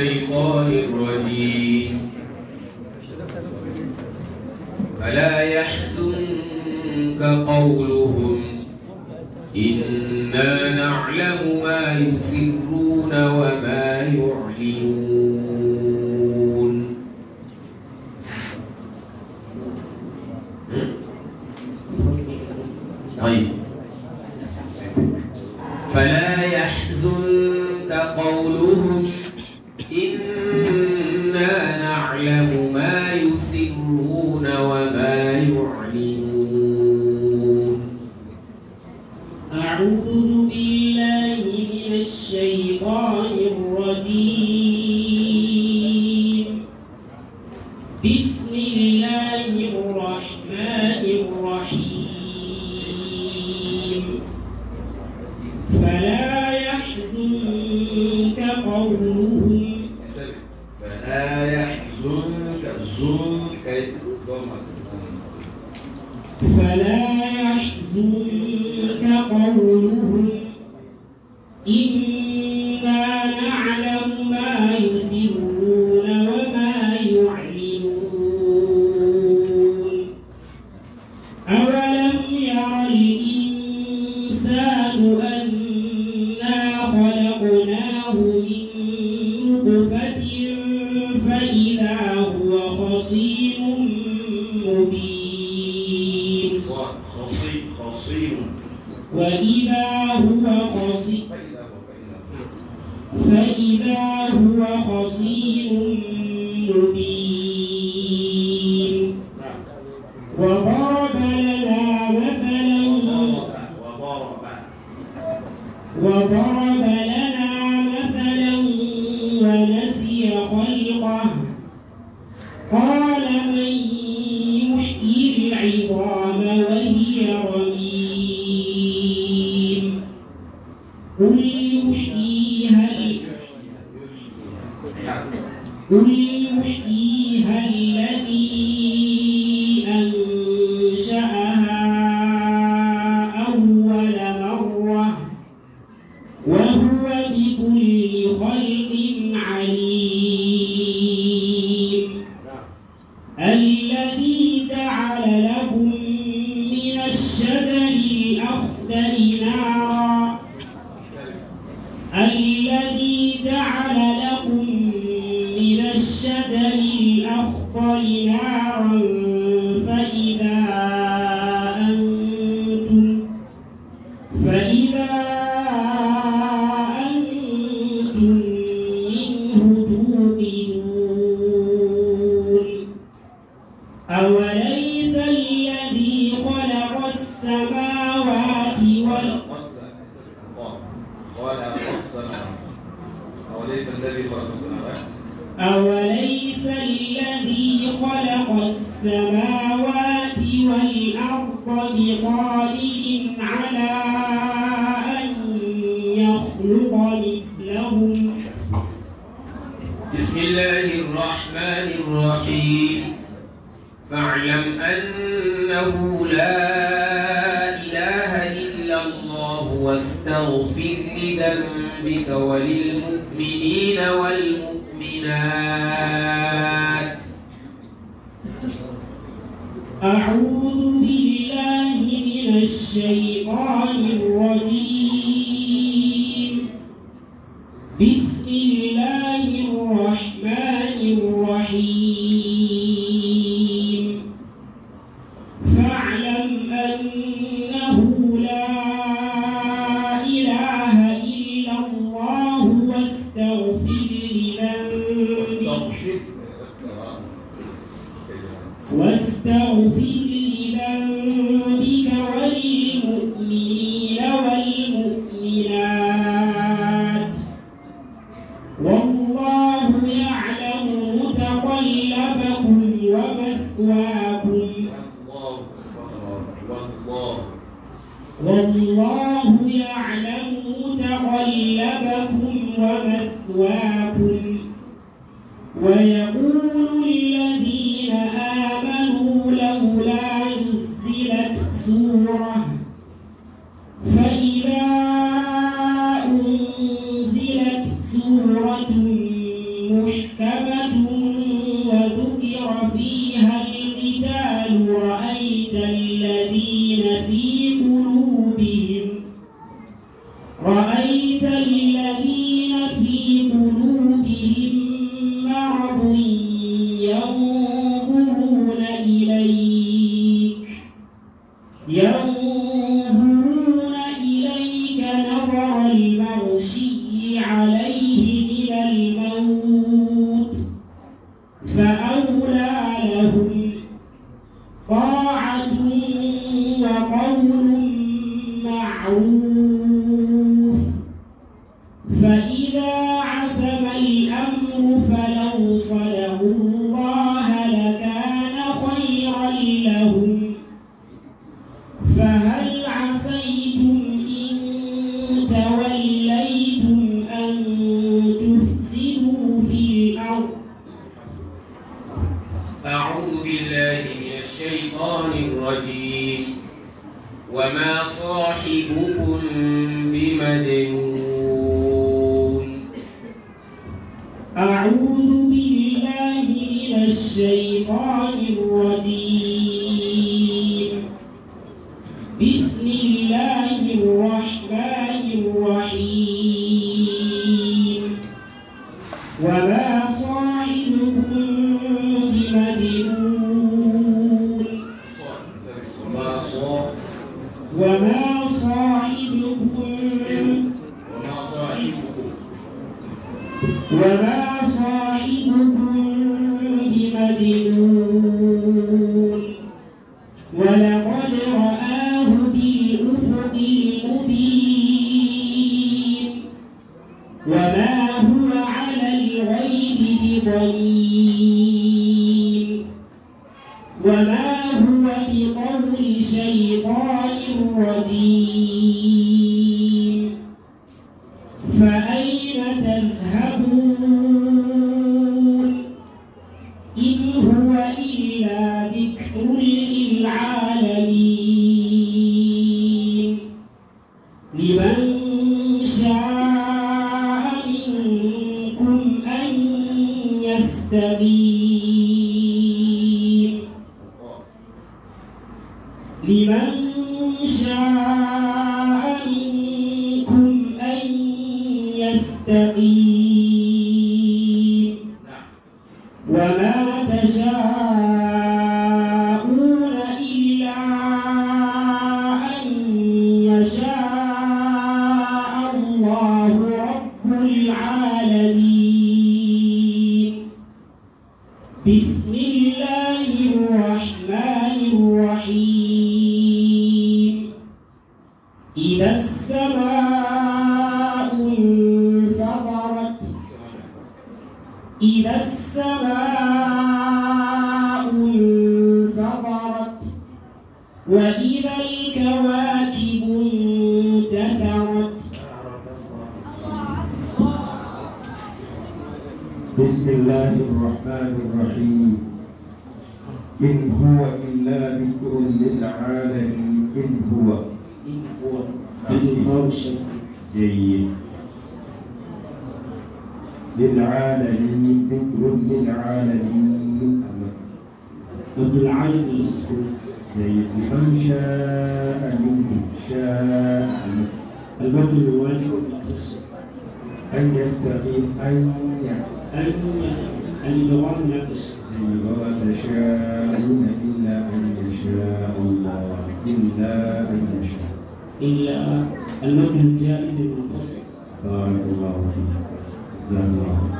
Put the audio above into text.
الشيطان الرجيم فلا يحزنك قولهم إنا نعلم ما يفسدون وما فلا يحزنك قولهم هو خصيم مبين ولا السماوات أوليس الذي خلق السماوات أوليس الذي خلق السماوات والأرض بقادر على أن يخلق مثلهم بسم الله الرحمن الرحيم فاعلم أنه لا إله إلا الله واستغفر ذنبك وللمؤمنين والمؤمنات أعوذ بالله من الشيطان الرجيم والله يعلم متقلبكم ومثواكم ويقول الذي الله لكان خيرا لهم فهل عصيتم إن توليتم أن تفسدوا في الأرض أعوذ بالله من الشيطان الرجيم وما صاحبكم بمجنون بسم الله الرحمن الرحيم وما صاحبكم بمجنون وما صاحبكم وما صاحبكم وما وما هو على الغيب بضليل وما هو بقول شيطان رجيم فأين تذهبون السبيل لمن شاء إذا السماء انفطرت إذا السماء انفطرت وإذا الكواكب انتثرت بسم الله الرحمن الرحيم إن هو إلا ذكر للعالمين إن هو جيد للعالمين ذكر للعالمين طب العين الصفر جيد لمن شاء منهم شاء المد والوجه أن يستقيم أن أن أن نقص جيد وما تشاءون إلا أن يشاء الله إلا أن يشاء إلا المنهج الجائز المنفصل بارك الله فيك جزاك الله